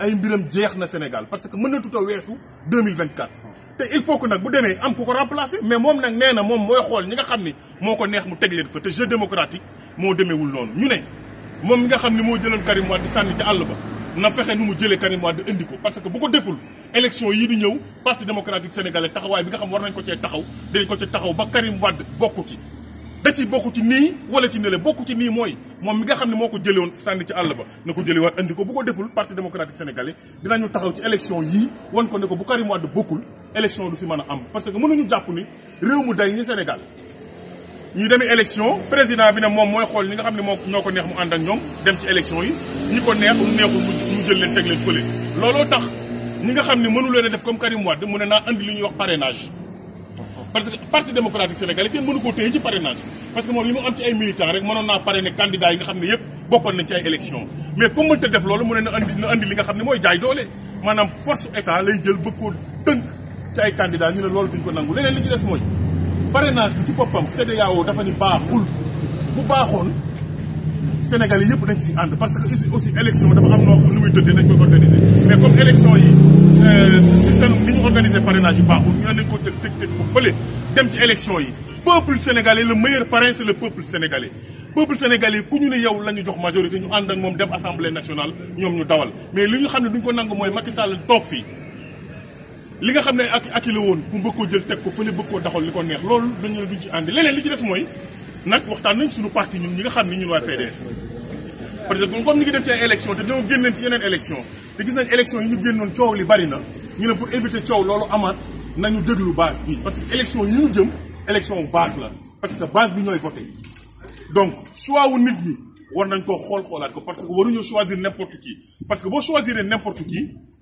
ay mbiram jeex na Sénégal parce que mën na tuta weesu 2024 te il faut que nag bu demee am ku ko remplacer mais moom nag nee na moom mooy xool ñi nga xam ni moo ko neex mu teg leen fa te jeu démocratique moo demeewul noonu ñu ne moom mi nga xam ni moo jëloon Karim Wade di sànni ci àll ba na fexe nu mu jëlee Karim Wade indi ko parce que bu ko deful élection yi di ñëw parti démocratique sénégalais taxawaay bi nga xam war nañ ko cee taxaw dañ ko ci taxaw ba Karim Wade bokku ci da ci bokku ci nii wala ci nele bokku ci nii mooy moom mi nga xam ne moo sandi ci Allah ba na ko jëlee andi ko bu ko deful parti démocratique sénégalais dinañu taxaw ci élection yi won ko ne ko bu Karim Wade bokkul élection du fi mëna am parce que mënu ñu japp ni réew mu day ñu Sénégal ñu demee élection président bi ne mom moy xol ni nga xamni moko ñoko neex mu and ak ñom dem ci élection yi ñiko neex mu neexu mu jël leen teg leen fële looloo tax ñi nga xamni mënu leen a def comme Karim Wade mu ne andi li ñuy wax parrainage parce que parti démocratique sénégalais kenn mënu ko téy ci parrainage parce que moi, li am ci ay militants rek mënoon candidat yi nga xam ne yëpp bokkoon mais comme mënta def loolu mu ne na andi na andi li nga jaay force état lay jël bëgg koo ci ay candidat ñu ne loolu duñ ko nangu li ci des mooy ci dafa ni Sénégalais yëpp dañ ciy ànd parce que ici aussi élection dafa am noo xam nu dañ koy organiser mais comme élection yi euh, système ni ñu organiser parrainage yi ñu ne ko tëj tëj ko fële dem ci élection yi peuple sénégalais le meilleur parrain c'est le peuple sénégalais peuple sénégalais ku ñu ne yow lañu jox majorité ñu and ak mom dem assemblée nationale ñom ñu dawal mais li ñu xamné duñ ko nang moy Macky Sall tok fi li nga xamné ne ak aki la bu bëgg jël tek ko feulé bëgg koo daxal liko neex lool dañu la duñ ci and lénen li ci des moy nak waxtan nañ suñu parti ñun ñi nga xam ñun waa PDS parce que comme ñu ngi def ci élection té dañu génn ci yeneen élection té gis nañ élection yi ñu génnoon coow li bari na ñu ne pour éviter coow loolu amat nañu déglu base bi parce que élection yi ñu jëm élection base la parce que base bi ñoy voter donc choix wu nit ñi war nañ ko xol xoolaat ko parce que waruñoo choisir n'importe qui parce que bo choisir n'importe qui